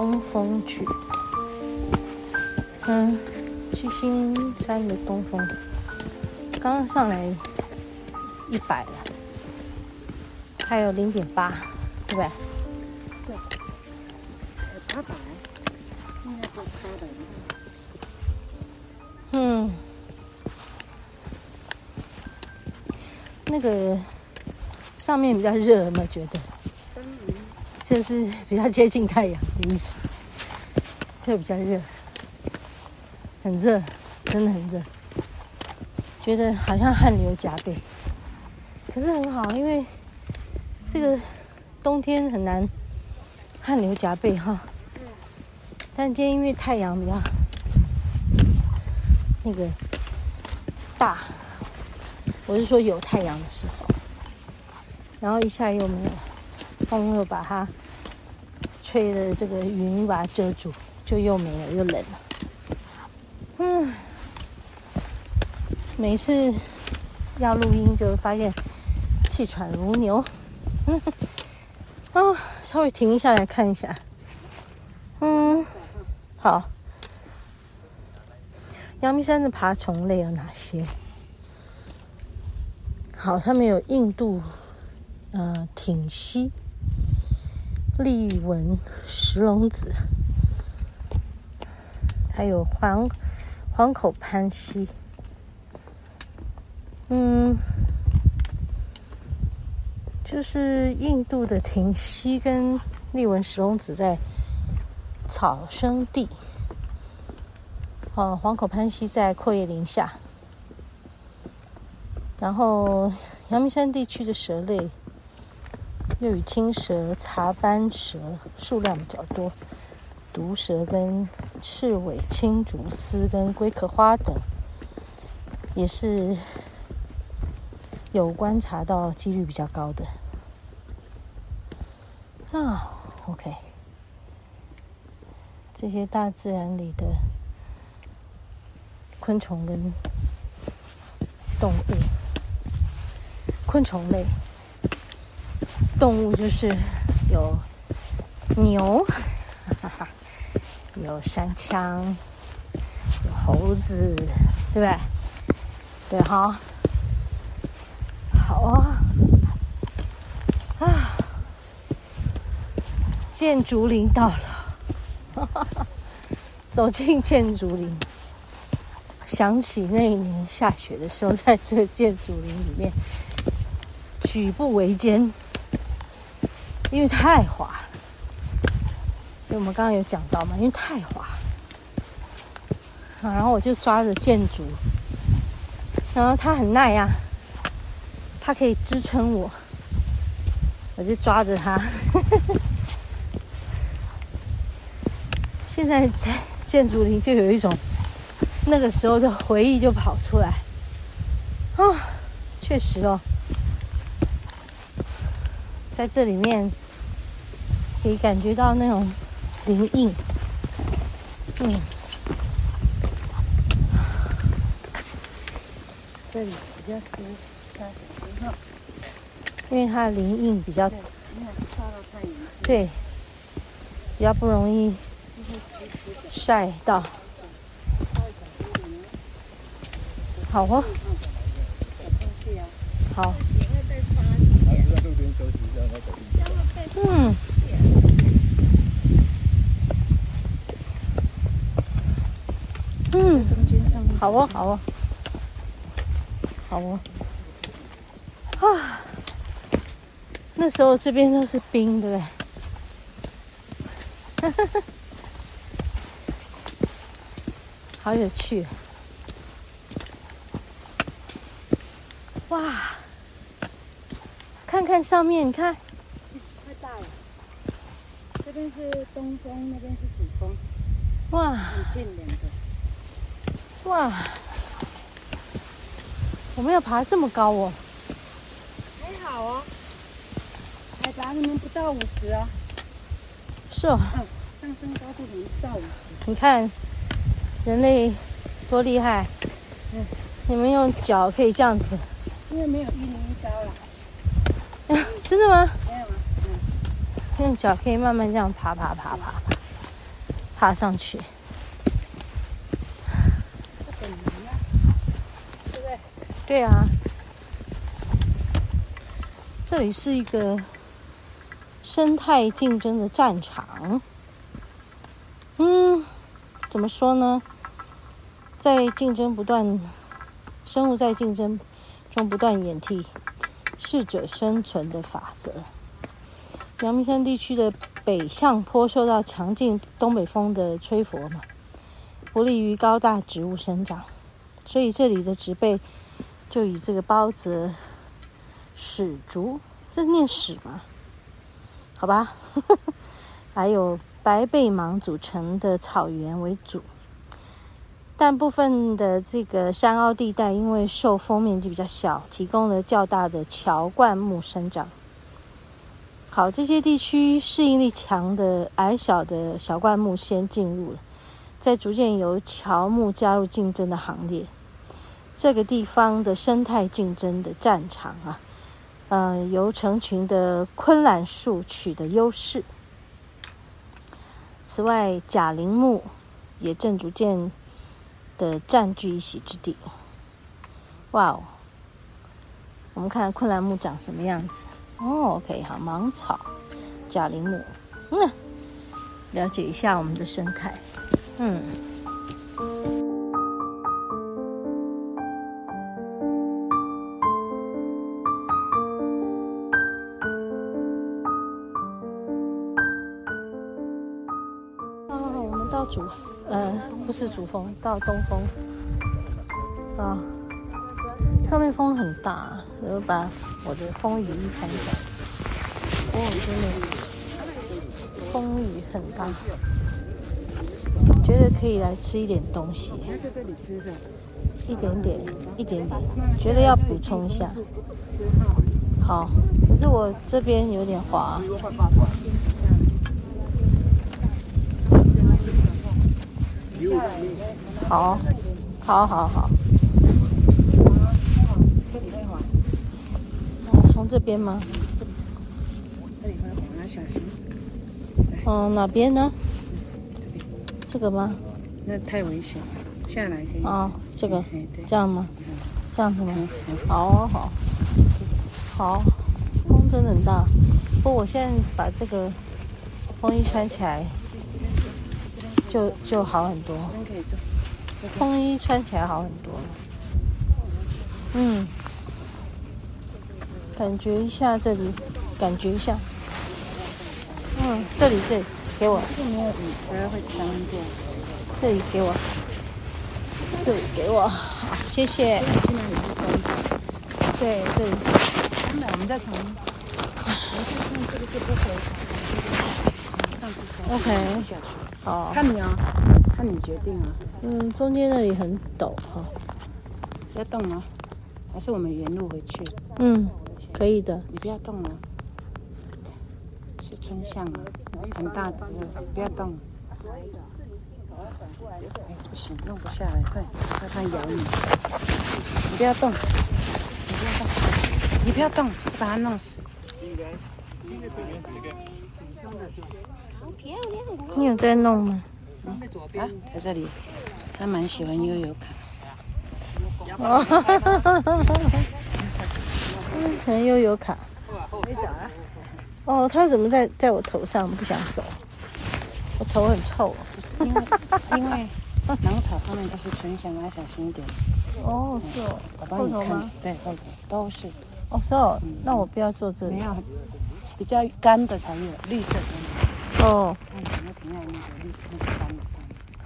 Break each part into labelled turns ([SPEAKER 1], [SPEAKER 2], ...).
[SPEAKER 1] 東風去。嗯，七星山的東風，剛剛上來一百了，還有零點八，對不對？對，八百，應該的。嗯，那個上面比較熱嗎？覺得？這是比較接近太陽的意思，特別比較熱，很熱，真的很熱，覺得好像汗流浹背。可是很好，因為這個冬天很難汗流浹背哈。但今天因為太陽比較那個大，我是說有太陽的時候，然後一下又沒有。風又、嗯、把它吹的，這個雲把它遮住，就又沒了，又冷了。嗯，每次要錄音就發現氣喘如牛。嗯，啊、哦，稍微停一下來看一下。嗯，好。陽明山的爬蟲類有哪些？好，上面有印度，嗯、呃、挺蜥、麗紋石龍子，還有黃黃口攀蜥，嗯，就是印度的蜓蜥跟麗紋石龍子在草生地，哦，黃口攀蜥在闊葉林下，然後陽明山地區的蛇類。又與青蛇、茶斑蛇數量比較多，毒蛇跟赤尾青竹絲、跟龜殼花等，也是有觀察到幾率比較高的。啊，OK，這些大自然裡的昆蟲跟動物，昆蟲類。動物就是有牛，有山羌，
[SPEAKER 2] 有猴子，
[SPEAKER 1] 是不是？對，好，好啊、哦！啊，箭竹林到了，走進箭竹林，想起那一年下雪的時候，在這箭竹林裡面舉步維艱。因為太滑了，了就我們剛剛有講到嘛，因為太滑了、啊、然後我就抓着箭竹，然後它很耐呀、啊，它可以支撐我，我就抓着它。 現在在箭竹林就有一種那個時候的回憶就跑出來，啊、哦，確實哦。在這裡面，可以感覺到那種林蔭。嗯，這裡比較濕，因為它林蔭比較，對，比較不容易曬到。好哦。好。嗯嗯，好哦，好哦，好哦啊，哦！那時候這邊都是冰，對不對？好有趣！哇，看看上面，你看。大這邊是東峰，那邊是主峰。哇！很近的。哇！我們要爬這麼高哦？還好哦、啊，海拔你們不到五十啊。是哦、啊，上升高度五十。你看，人類多厲害！嗯、你們用腳可以這樣子。因為沒有一零一高了、啊。呀、啊，真的嗎？用腳可以慢慢這樣爬，爬，爬，爬,爬，爬,爬,爬上去。對不對？對啊。這裡是一個生態競爭的戰場。嗯，怎麼說呢？在競爭不斷，生物在競爭中不斷演替，適者生存的法則。陽明山地區的北向坡受到強勁東北風的吹拂嘛，不利於高大植物生長，所以這裡的植被就以這個包籜矢竹，這念矢嘛，好吧， 還有白背芒組成的草原為主，但部分的這個山凹地帶因為受風面積比較小，提供了較大的喬灌木生長。好，這些地區適應力強的矮小的小灌木先進入了，再逐漸由喬木加入競爭的行列。這個地方的生態競爭的戰場啊，嗯、呃，由成群的昆欄樹取得優勢。此外，假柃木也正逐漸的占據一席之地。哇哦，我們看昆欄木長什麼樣子。哦，OK，好，芒草、假柃木，嗯，了解一下我們的生態，嗯。啊，我們到主呃，不是主峰，到東峰，啊。上面風很大，我要把我的風雨衣穿上。哇，真的，風雨很大。覺得可以來吃一點東西，一點點，一點點，覺得要補充一下。好，可是我這邊有點滑。好好好好。從這邊嗎？這裡，這裡很小心。嗯，哪邊呢？這邊，這個嗎？那太危險了，下來可以。啊、哦，這個，嘿嘿這樣嗎？這樣子嗎？嘿嘿好，好，好。風真的很大，不過我現在把這個風衣穿起來就，就就好很多。風衣穿起來好很多。嗯。感覺一下這裡，感覺一下。嗯，這裡這裡，給我。又沒有雨，才會強一點。這裡給我，這裡給我，啊，謝謝。對對。真的，我們再從，我們再從這個是哦。看你啊，看你決定啊。嗯，中間那裡很陡哈，別動啊。還是我們原路回去。嗯。可以的。你不要動了，啊，是春象啊，很大隻，不要動，欸。不行，弄不下來，快，怕它咬你。你不要動，你不要動，你不要動，要動把它弄死。
[SPEAKER 2] 你有在
[SPEAKER 1] 弄嗎？嗯、啊？在這裡，他蠻喜歡悠遊卡。哦哈哈哈哈哈哈。晨悠悠卡，我講啊，哦，他怎麼在在我頭上？不想走，我頭很臭。因為，因為，狼草上面都是純香啊，小心一點。哦，是哦。後頭嗎？對，都是。哦 so 那我不要坐這裡。比較乾的才有綠色。哦。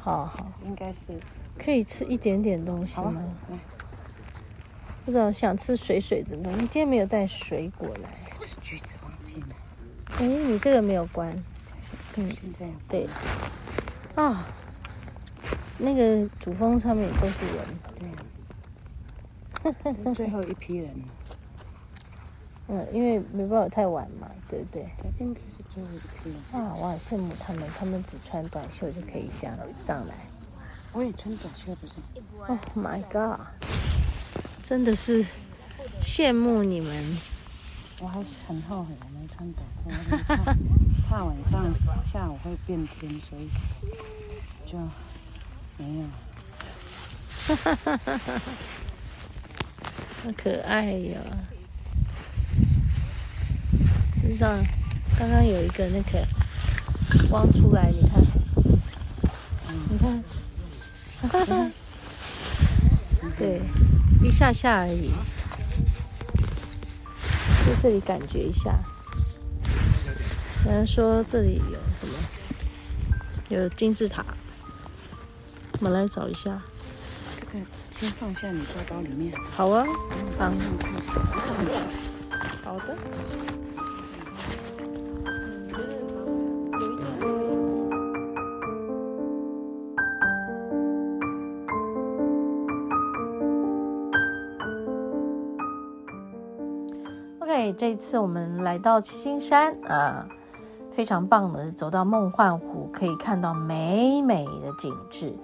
[SPEAKER 1] 好好，應該是可以吃一點點東西嗎？不知道想吃水水的呢？今天沒有帶水果來。橘子忘記了。哎、欸，你這個沒有關。嗯，現在對。啊，那個主峰上面都是人。對。 最後一批人。嗯，因為沒辦法太晚嘛，對不對？應該是最後一批人。啊，我好羨慕他們，他們只穿短袖就可以這樣子上來。我也穿短袖不是？Oh my god！真的是羨慕你們，我還是很後悔我沒穿短褲，怕， 怕晚上下午會變天，所以就沒有。哈， 好可愛呀，喔！身上剛剛有一個那個光出來，你看，嗯，你看，看看，啊、 對。一下下而已，就這裡感覺一下。有人說這裡有什麼？有金字塔，我們來找一下。這個先放下，你包包裡面。好啊，放進去。好的。這次我們來到七星山啊，非常棒的。走到夢幻湖，可以看到美美的景緻。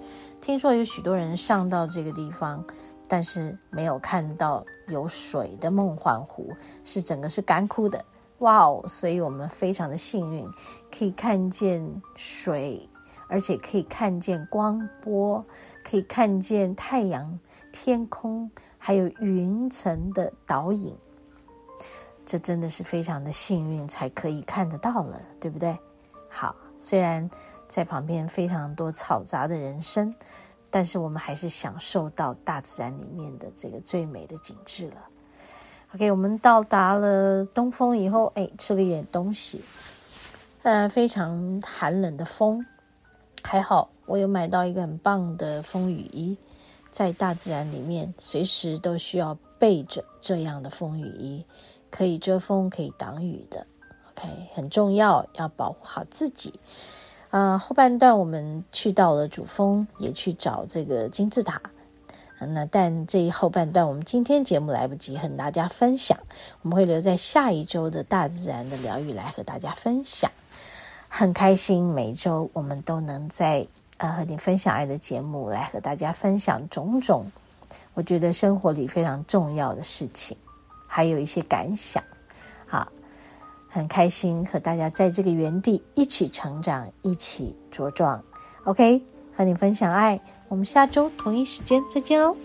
[SPEAKER 1] 聽說有許多人上到這個地方，但是沒有看到有水的夢幻湖，是整個是乾枯的。哇哦！所以我們非常的幸運，可以看見水，而且可以看見光波，可以看見太陽、天空，還有雲層的倒影。這真的是非常的幸運，才可以看得到了，對不對？好，雖然在旁邊非常多嘈雜的人聲，但是我們還是享受到大自然裡面的這個最美的景致了。OK，我們到達了東峰以後，哎，吃了一點東西。嗯、呃，非常寒冷的風，還好我有買到一個很棒的風雨衣，在大自然裡面隨時都需要背着這樣的風雨衣。可以遮風，可以擋雨的，OK，很重要，要保護好自己。啊、呃，後半段我們去到了主峰，也去找這個金字塔。嗯、那但這一後半段，我們今天節目來不及和大家分享，我們會留在下一周的《大自然的療癒》來和大家分享。很開心，每周我們都能在呃和你分享愛的節目，來和大家分享種種，我覺得生活裡非常重要的事情。還有一些感想，好，很開心和大家在這個園地一起成長，一起茁壯。OK，和你分享愛，我們下周同一時間再見嘍。